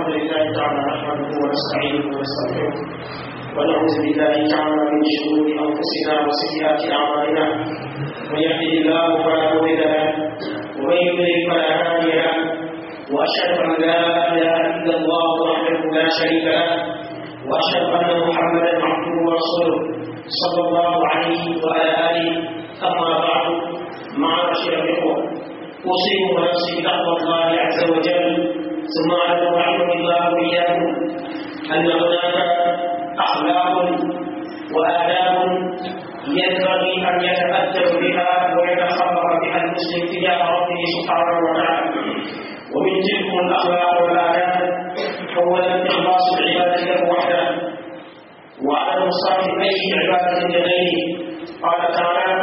الحمد لله تعالى نحمده ونستعينه ونستغفره ونعوذ بالله تعالى من شرور انفسنا وسيئات اعمالنا من يهده الله فلا مضل له ومن يضلل فلا هادي له واشهد ان لا اله الا الله وحده لا شريك له واشهد ان محمدا عبده ورسوله صلى الله عليه وعلى اله اما بعد معاشر الاخوه اوصيكم ونفسي بتقوى الله عز وجل ثم علم رحمه الله إياكم أن هناك أخلاق وآداب ينبغي أن يتأدب بها ويتخبر بها المسلم تجاه ربه سبحانه وتعالى ومن تلك الأخلاق والآداب أولا إخلاص العبادة له وحده وعدم صرف أي عبادة لغيره قال تعالى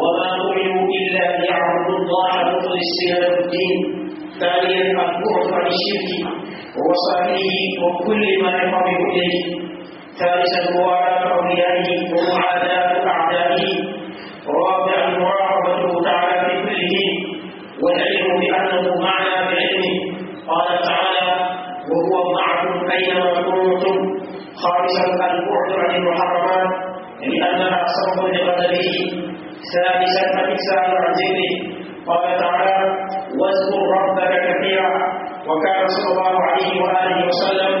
وما أمروا إلا ليعبدوا الله مخلصين له الدين ثانيا البعد عن الشرك وصحبه وكل ما يقرب اليه ثالثا موالاة أوليائه ومعاداة أعدائه رابعا مراقبته تعالى في كل حين والعلم بأنه معنا بعلمه قال تعالى وهو معكم أينما كنتم خامسا البعد عن المحرمات لأنها سبب لغضبه سادسا الإكسار عن ذكره قال تعالى واذكر ربك كثيرا وكان صلى الله عليه واله وسلم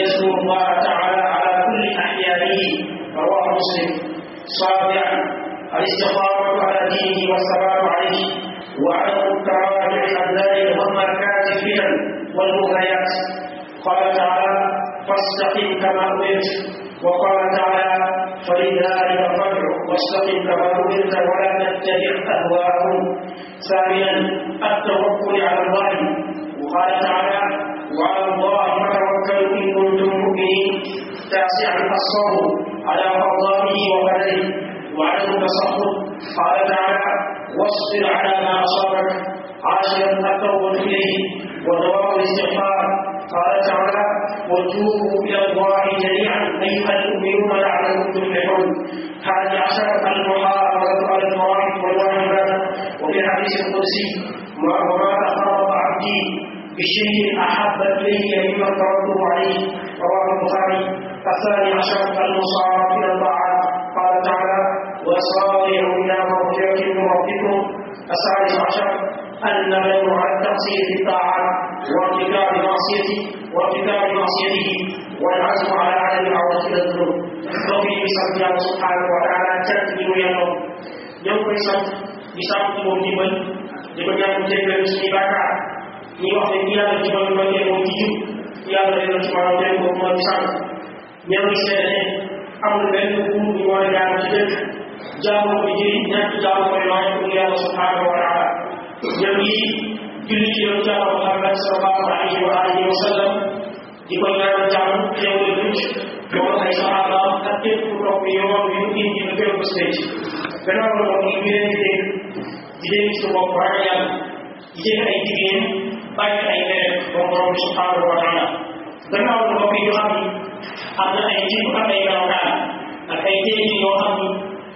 يذكر الله تعالى على كل احيانه رواه مسلم سابعا الاستقامه على دينه والثبات عليه وعدم التراجع عن ذلك والمركات الفتن والمغريات قال تعالى فاستقم كما امرت وقال تعالى فلذلك فقد واستقم كما امرت ولا تتبع اهواءهم ثانيا التوكل على الله وقال تعالى وعلى الله فتوكلوا ان كنتم مؤمنين تاسعا الصبر على فضله وقدره وعدم التسخط قال تعالى واصبر على ما اصابك عاشرا التوبه اليه ودوام الاستغفار قال تعالى وتوبوا الى الله جميعا ايها المؤمنون لعلكم تفلحون هذه عشرة المحافظة على الفوائد والواجبات وفي الحديث القدسي وما أقرب عبدي بشيء أحب إلي مما افترضته عليه رواه البخاري الثاني عشر المصاب إلى الطاعات قال تعالى وصارعوا إلى مغفرة من ربكم الثالث عشر الندم على التقصير في الطاعات وارتكاب معصيته وارتكاب معصيته والعزم على عدم العودة إلى الذنوب وفي sant Yàlla subhaanahu wa taala cant ñi mu yelloo ñoo ngi koy sant di sant moom dimbal di ko ñaan jéggal suñu bàkkaar ñi wax ne ñi yàlla ci moom ñoo moom ci jub yàlla dina ci maanaam leen boobu mooy sant ñoo ngi seede amul benn buur bu ñu war a jaamu ci dëkk jaamu bi jëriñ ñàkk jaamu koy waaye pour yàlla subhaanahu wa taala ñoo ngi julli ci yoon Yàlla Muhammad sallallahu alayhi wa alihi wa sallam di ko ñaanal jàmm xew la mucc moom ay saxaaba ak képp ku topp yoon bi nit ñi ba gërëm si ci gannaaw la moom ñu leen di dégg di dégg su bopp ragal yàlla di jël ay jigéen bàyyi ay beneen moom borom subhanahu wa taala gannaaw la moom ñu xam ni am na ay jikko am ay melokaan ak ay jëf yoo xam ni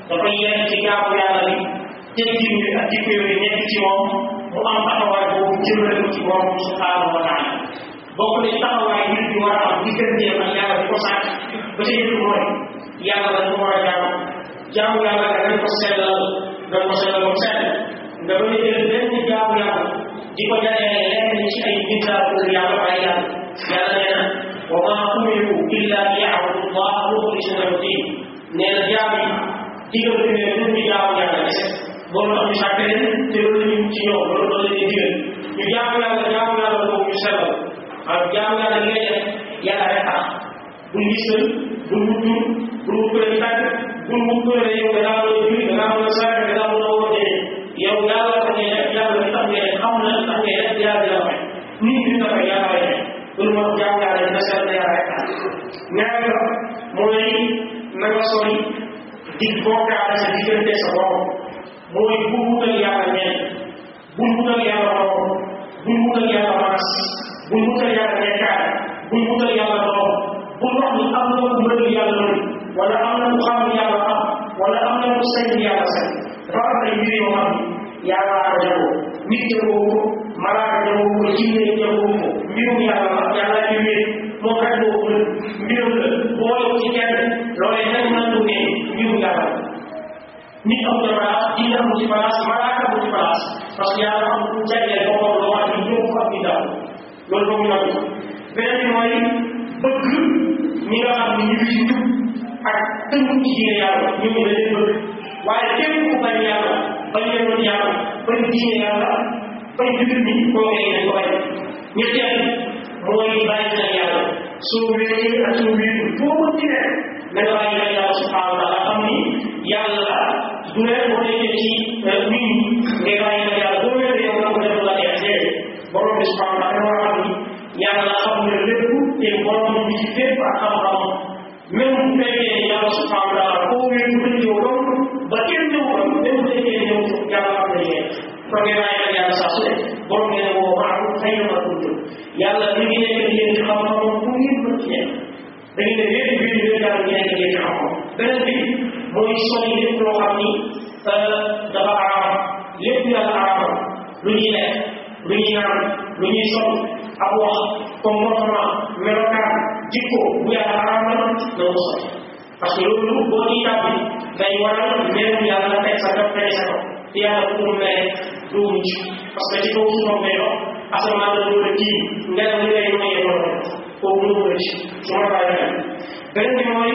dafay yenn ci jaamu yàlla bi teggin bi ak jikko yooyu nekk ci moom mu am taxawaay boobu jëmale ko ci borom subhanahu wa taala bokk na ci taxawaay nit bi war a am digganteem ak yàlla di ko sàkk ba ca yëpp mooy yàlla dañ ko war a jaamu jaamu yàlla nga dañ ko sellal dañ ko sellal moom sell nga bañ a jël benn jaamu yàlla di ko jaayee lenn ci ay bindaa pour yàlla bàyyi yàlla yàlla nee na wa maa umiru illa liya'budu llaha muxlisina lahu diin nee na jaam yi digal bi ne ñu jaamu yàlla loolu tax ñu sàkk leen te loolu la ñu ci ñoom loolu doon leen di digal ñu jaamu yàlla jaamu yàlla boobu ñu sellal maanaam jaamu yàlla li ngay def yàlla rek tax bul gisal bul wut bul wut kuréel tànk bul wut kuréel yow da ngaa war a julli da ngaa war a sàkk da ngaa war a woote yow yàlla tax ngay def yàlla li tax ngay def xam na tax ngay def yàlla la fay nit ñi dafa yàlla lay def loolu moo jaamu yàlla dina sell na yàlla rek tax ñaareel ba mooy na nga sori di bokkaale sa diggante sa borom mooy bul wutal yàlla ñeent bul wutal yàlla borom bul wutal yàlla maas bul wutal yàlla nekkaay bul wutal yàlla doom bul wax ni am na ku mën yàlla loolu wala am na ku xam yàlla am wala am na ku sañ yàlla sañ dafa am ay mbir yoo xam ni yàlla a jagoo nit jagoo ko malaaka jagoo ko jinne jagoo ko mbirum yàlla la yàlla ci wéet moo kat boo mbirum la boole ci kenn loolee nag mën na ne mbirum yàlla nit amul place diine amul ci place malaaka amul ci place parce que yàlla am lu loo xam ne ñëw fa ak ñu daw loolu boobu ñu ko beneen bi bëgg ñi nga xam ne ñu ngi ci ak tënku ci diine yàlla ñu ngi leen bëgg waaye képp ku bañ yàlla bañ leen yàlla bañ diine yàlla bañ jullit ñi koo ngay ne ko bañ ñetteel mooy bàyyi na yàlla soo wéeree ak soo wéerul foo ko ci ne na nga bàyyi na yàlla subhanahu wa taala xam ni yàlla du ne boo nekkee ci nit ñi ngay bàyyi na yàlla boo wéetee yow ko def la neexee borom bi subhanahu wa taala xam ni yàlla xam ne lépp te borom bi ci fépp ak xam-xam même bu fekkee ne yàlla subhanahu wa taala koo wéetu dañ yow ba kenn ñëw ba même bu fekkee ne yow yàlla xam ne kon ngay bàyyi ñaan lu ñuy sol ab wax comportement melokaan jikko bu yàlla xaraamal na mu sol parce que loolu boo ci tàbbi day waral merum yàlla teg sa kaw teg sa kaw te yàlla bu mu mere du mucc parce que ci kaw suufam day dox asamaan la doon tiim ngelaw li lay maye loolu kooku lu mu rëcc su ma bàyyi xel beneen bi mooy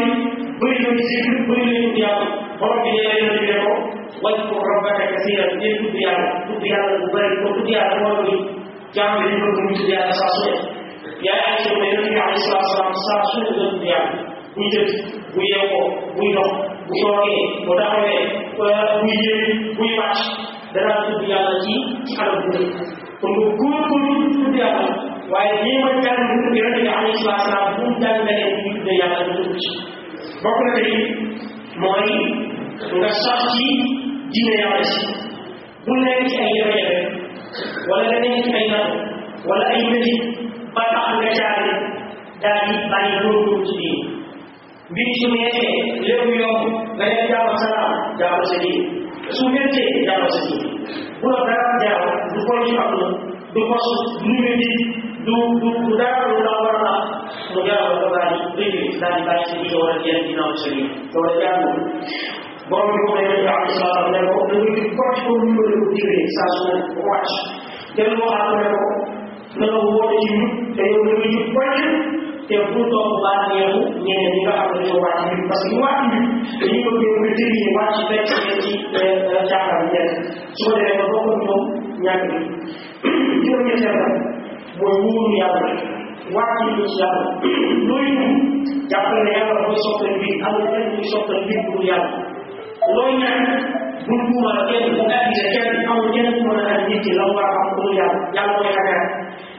bëri na ci bëri na ci yàlla borom bi ne la yëngu ko واذكر ربك كثيرا دير tudd yàlla tudd yàlla bu bëri ba tudd yàlla moo ni jàmm li ko mu tudd yàlla saa su nekk yaay ay soo mais yonent bi alayhi salaatu salaam saa su nekk tudd yàlla buy jëf buy yeewoo buy dox bu toogee bu taxawee buy yéegi buy wàcc dana tudd yàlla ci ci anam bu nekk kon bu góorgóorlu tudd yàlla waaye lii ma jàng yonent bi alayhi salaatu salaam bu mu jàng da ngeen tudd yàlla ñu tudd ci bokk na tey mooy nga sax ci diine yàlla si bu nekk ci ay jafe-jafe wala nga nekk ci ay natt wala ay mbiri ba tax nga jaare daal di bàyyi góorgóorlu ci diine mbir su nekkee lépp yomb nga nekk jaamu salaam jaamu sa diine su nekkee jaamu sa diine bu la dara jaaw du ko ci am du ko du ñu du du du dara lu la war a mu jaaw ko daal di bëgg daal di bàyyi sa diine wala jël ginnaaw sa diine loolu jaarul borom bi wax nañu daal islam ne ko da ngay jub wàcc ko ñu ko digle saa su ne wàcc dem waxaat ne ko na nga woote ci ñu te yow da ngay jub wàcc te bu toog baax ñeewu ñeneen ñi nga xam ne ñoo wàcc ñu parce que ñu wàcc ñu dañuy bëgg yow nga dégg ñu wàcc fekk ngeen ci caaxaan euh, euh, nekk su ko defee ba bokk ñoom ñàkk bi juróom-ñetteel la mooy wóoru yàlla wàcc ñu ci yàlla looy ñu jàpp ne yàlla mooy sottal bi amul kenn muy sottal bi pour yàlla looy ñaan bul tuumal kenn bu addina kenn amul kenn ku mën a am nit ki la war a am pour yàlla yàlla mooy xanaa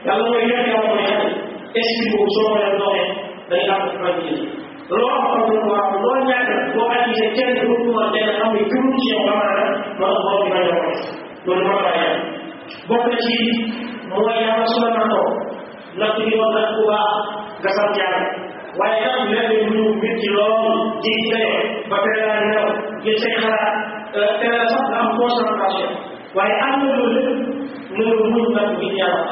yàlla mooy yàlla yàlla mooy xanaa esprit boobu soo ko leen doxee day am ak jël loo xam ne waa loo ñaan boo addina kenn bul tuumal kenn amul jurul ci yow amaana mën a borom bi bañ a ko loolu moo koy yàlla bokk na ci mooy yàlla su la nattoo natt yoon nag ku baax nga sant yàlla waaye nag léeg-léeg ñu métti lool jéggi dayoo ba teel a nelaw ngir say xalaat te sax nga am concentration waaye am na loolu lépp loolu muñ nag ngir yàlla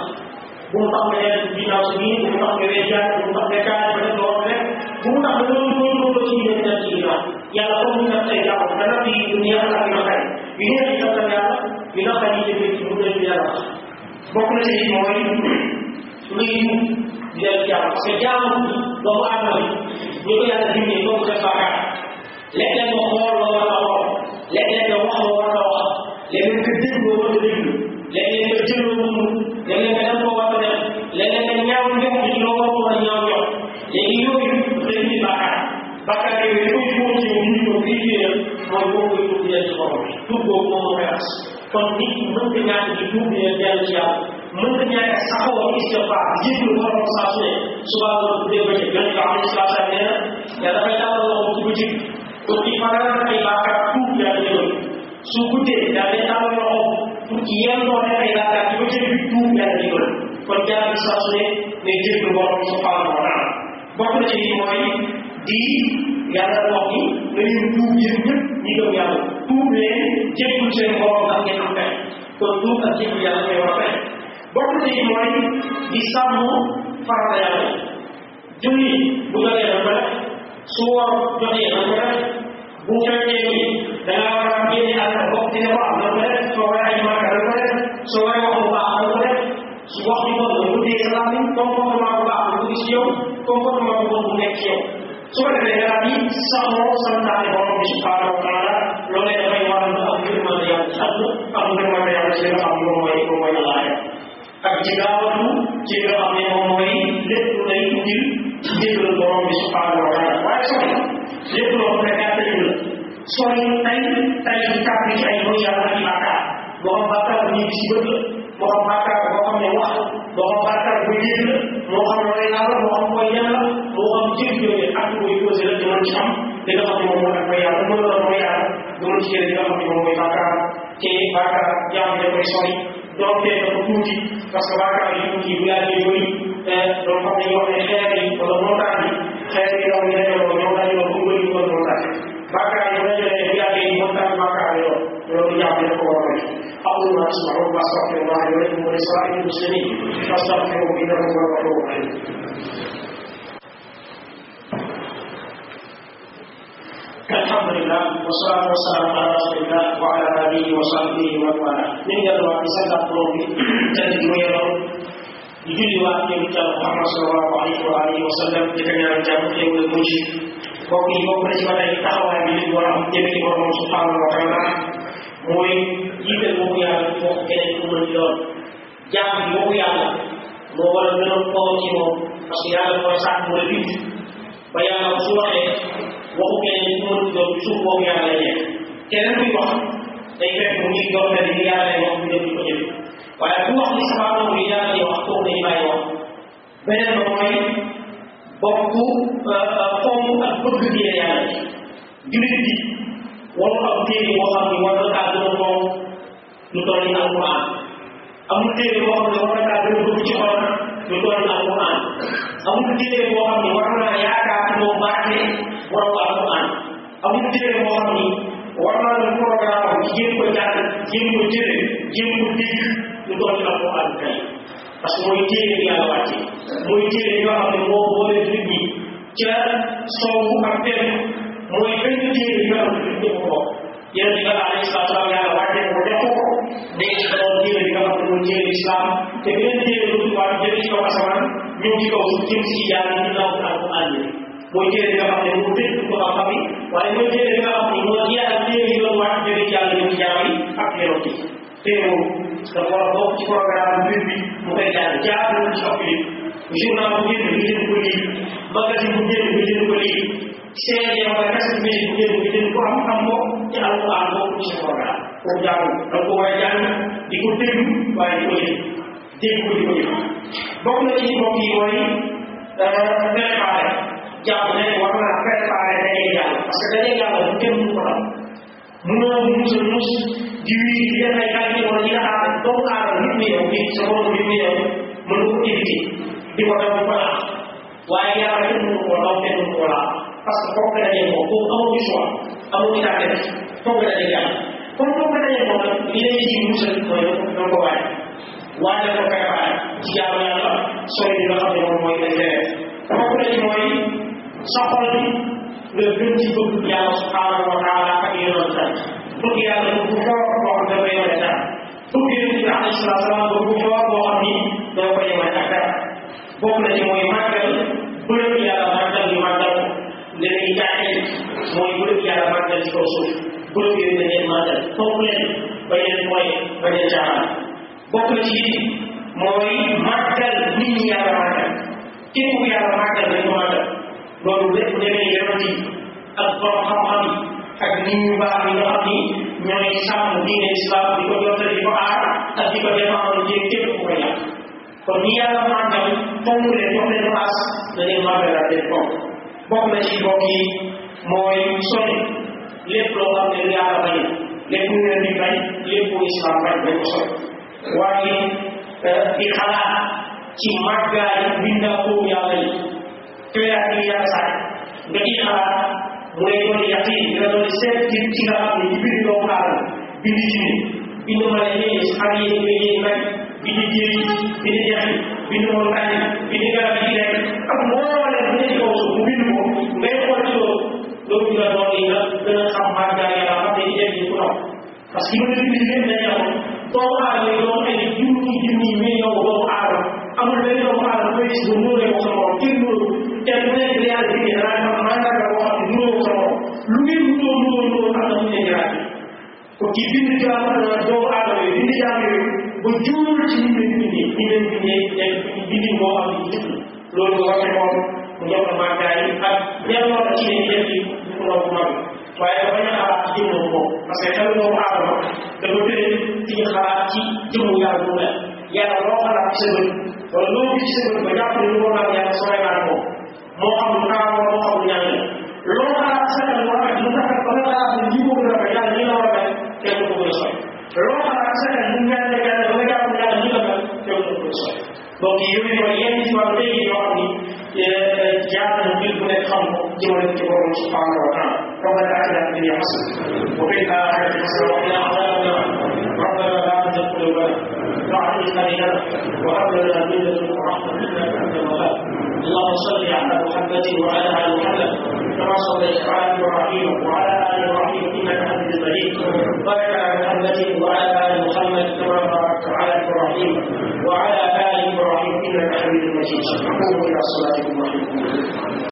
bu mu tax nga leen di naaw si nii bu mu tax nga leen jaar bu mu tax nga kaay ba def loo rek bu mu tax nga loolu loolu loolu ci yéen dem ci ginnaaw yàlla comme ñu def say daaw dana fi neex ak yu naqari yu neex yi daf yàlla yu naqari yi demee ci mu dem yàlla bokk na ci mooy luy del jàmm sa jàmm doomu aadama ñu ko yàlla dimee doomu def baakaar léeg-léeg nga xool loo war a xool léeg-léeg nga wax loo war a wax léeg-léeg nga dégg loo war a déglu léeg-léeg nga jël loo mun léeg-léeg nga def loo war a def léeg-léeg nga ñaaw njëkk ci loo war a ñaaw jox léegi yooyu dañ di bàkkaar bàkkaar yooyu li koy jóg ci yow nit ñoo koy jëlee mooy boo koy tuub yéen ci borom bi tuub boobu moom moo koy as kon nit mën nga ñaan di tuub yéen dellu ci yàlla mën nga ñaan saxoo istifaar jéggalu borom saa su ne subaa loolu bu dee bëccëg yonent bi alayhi salaatu wa salaam nee na yàlla dafay tàllal loxo ci bëccëg aussi fanaan na ay bàkkaar tuub yaa ngi jëloon su guddee daa lay tàllal loxo pour ci yenn doo def ay bàkkaar kon jaar bi saa su ne ngay jéglu borom subhanahu wa taala bokk na ci lii mooy di yàlla wax ni nañu tuub yéen ñëpp ñi gëm yàlla tuub leen ngeen am fay kon tuub ak jéglu yàlla ngay war a fay bokk na ci mooy di sàmm farata yàlla julli bu nga leen ba su war jotee na ko def bu fekkee ni da ngaa war a génne ak sa bopp dina ko am na ko def soo war a ay màggal na ko def soo war a wax bu baax na ko def su wax ji bon bu dee sa làmmiñ comportement bu baax bu gis yow comportement bu bon bu nekk ci yow su ko defee daal di saxoo santaane borom bi subhanahu wa taala loolee dafay waral na am ngërmande yàlla ci àdduna am ngërmande yàlla ci li nga xam ne moom mooy moom mooy alaaya ak ci gaawatu ci li nga xam ne sori nañ tay kàddu ci ay mooy yàlla ak bàkkaar boo xam bàkkaar bu ñibbi si bët la moo xam bàkkaar boo xam ne wax boo xam bàkkaar bu liir la moo xam looy yàlla moo xam koy yàlla moo xam jëf yooyu ak muy posé la dinañ ci am li nga xam ne moom moo tax mooy yàlla mën la mooy yàlla dinañ ci jëlee li nga xam ne moom mooy bàkkaar te bàkkaar jàmm da koy sori doonte dafa tuuti parce que bàkkaar yi tuuti bu laajee bëri doon xam ne yoo xam ne xeer yi wala montagne yi xeer yi yoo xam ne dañoo ñoo dañoo loolu yàlla dafa war a def aqulu ma tasmaun wa astaghfirullaha li wa lakum wa li saa'iril muslimin fastaghfiruhu innahu huwa al-ghafuur rahim الحمد لله والصلاة والسلام على رسول الله وعلى آله وصحبه ومن والاه من قال ما في سنة قلوبي تدمير julliwaat yow itam Muhammad sallallahu alayhi wa alihi wa sallam di ko ñaan jàmm xéew la mujj bokk yi bokk na ci ba tey taxawaay bi li war a am jëme ci borom subhanahu wa taala mooy jiital moomu yàlla ci moom keneen ku mën doon jàpp bi moomu yàlla moo war a gën a kaw ci moom parce que yàlla mooy sàkk mooy bind ba yàlla su waxee waxu keneen ku mën doon suuf moomu yàlla lay nekk keneen kuy wax day fekk mu ngi doon ne li yàlla lay wax mu dem di ko jëf waaye ku wax li sama doom yi yàlla di wax kooku dañu bàyyi wax beneen ba mooy bokk euh, euh, fonk ak bëgg bi la yàlla bi jullit bi wala am téere boo xam ne war na kaa gën a moom lu toll ni alquran amul téere boo xam ne war na kaa gën a bëgg ci xolam lu toll ni alquran amul téere boo xam ne war naa yaakaar ci moom barke war ko alquran amul téere boo xam ne war naa leen programme ci jéem ko jàng jéem ko jële jéem ko dégg lu toll ni alquran kay parce que mooy téere bi yàlla wàcce mooy téere yoo xam ne moo boole nit ñi ci la soowu ak benn mooy benn diine bi nga xam ne ñëpp ko bokk yéen di nga alayhi salaatu salaam yàlla wàcce ko def ko day doon diine bi nga xam ne mooy diine islam te benn diine bu ñu wàcc jëlee ci kaw asamaan ñëw ci kaw suuf jëm si yàlla ñu naaw ko ak ànd mooy diine bi nga xam ne mu dégg ko am xam yi waaye mooy diine bi nga xam ne mooy yàlla diine yi doon wàcc jëlee ci yàlla ñëw ci jaam yi ak yéen te dafa war a bokk ci programme mbir bi mu koy jàng jaarul ci ëpp yi journal bu génn nga jënd ko lii magasin bu génn nga jënd ko lii CD wala cassette musique bu génn nga jënd ko am am ko ci alquran bokk ci programme kooku jaarul da ko war a jàng di ko déglu waaye di ko yëg dégg ko di ko yëg bokk na ci mbokk yi mooy préparé jàpp ne war naa préparé dañuy jàng parce que dañuy jàng bu kenn ko xam munoo mus a mus di wii di def ay kàddu wala di daxaar doomu aadama nit mi yow nit sa borom nit mi yow mën ko éviter di ko def ko laal waaye yàlla kenn mënu ko law kenn mënu ko laal parce que kooku daje ko kooku amoo ci choix amoo ci tànn kooku daje yàlla kon kooku daje ko nag li lay ci musal mooy da ko bàyyi waaye da ko préparé ci jaamu yàlla sooy li nga xam ne moom mooy dañ koy def kooku daje mooy sa xol bi nga gën ci bëgg yàlla subhanahu wa taala ak yenoon tam bëgg yàlla bu foor boo xam ne dafa yemale dara bëgg yonent bi alayhi salaatu salaam bu foor boo xam ni dafa ko yemale ci mooy màggal bërëb yàlla màggal ñu màggal ko ne lay jaay mooy bërëb yàlla màggal ci kaw suuf bërëb yooyu dañ leen màggal kooku leen bañ leen mooy bañ leen caaxaan bokk na ci loolu lépp demee yaram yi ak borom xam-xam yi ak nit ñu baax yi nga xam ni islam di ko jottali di ko aar ak di ko défendre ci képp ku ko yàq kon ñi yàlla màggal fonk leen jox leen place da leen màggalal leen fonk bokk na ci bokk yi mooy sori lépp loo xam ne lu yàlla bañ lépp lu leen di bañ lépp lu islam bañ dañ ko sori waaye eh, di xalaat ci màggaay bindakoo yàlla yi curaat yi yàlla sàkk nga ciy xalaat mooy doon yaqin nga doon seet ci ci nga xam ne ci biir doomu aadama bind ci ni bind ma la yéen ak yéen nga yéen nag bind jiir bind jax yi bind moom kañ bind garab yi nekk ak moo leen bu nekk kaw suuf mu bind ko ngay xool ci loolu loolu dina doon yi nga gën a xam màggaay yàlla xam ne yéen ñi ku ndaw parce que mën na bind lépp dañu amoon doomu aadama yi doon ay junni junni million kii bind jaam doomu aadama yi bind jaam yooyu ba juumul ci ñi leen bindee ñi leen bindee ñoom bindin moo xam ne gis loolu nga waxee moom mu jox la màggaay ak ñelloo la ci ne yëf yi ñu ko romb mag waaye bañ a xalaat ci jëmmam moom parce que xel doomu aadama dafa tëddee ci xalaat ci jëmmu yàlla mu la yàlla loo xalaat ci sa bët wala loo gis ci sa bët ba jàpp ne lu ko naan yàlla sore naa moom moo xam lu naaw moo xam lu ñaan la loo xalaat sa xel war a lu tax ba nga xalaat ne lii boobu dafa yàlla li la war a te mu koy sooy loolu xanaa sax nag mu ñaan ne gànnaaw ba jàpp ñaar ñu la mel te mu koy sooy donc yooyu mooy yenn ci wàllu léegi yoo xam ni jaar na mbir bu nekk xam ko jëmale ci borom subhanahu wa taala ربنا اتنا في الدنيا حسنه وفي الاخره حسنه وقنا عذاب النار ربنا لا تزغ قلوبنا بعد اذ هديتنا وهب لنا من لدنك رحمه انك انت الوهاب اللهم صل على محمد وعلى ال محمد كما صليت على ابراهيم وعلى ال ابراهيم انك حميد مجيد بارك على محمد وعلى ال محمد كما باركت على ابراهيم وعلى ال ابراهيم انك حميد مجيد قوموا الى صلاتكم ورحمه الله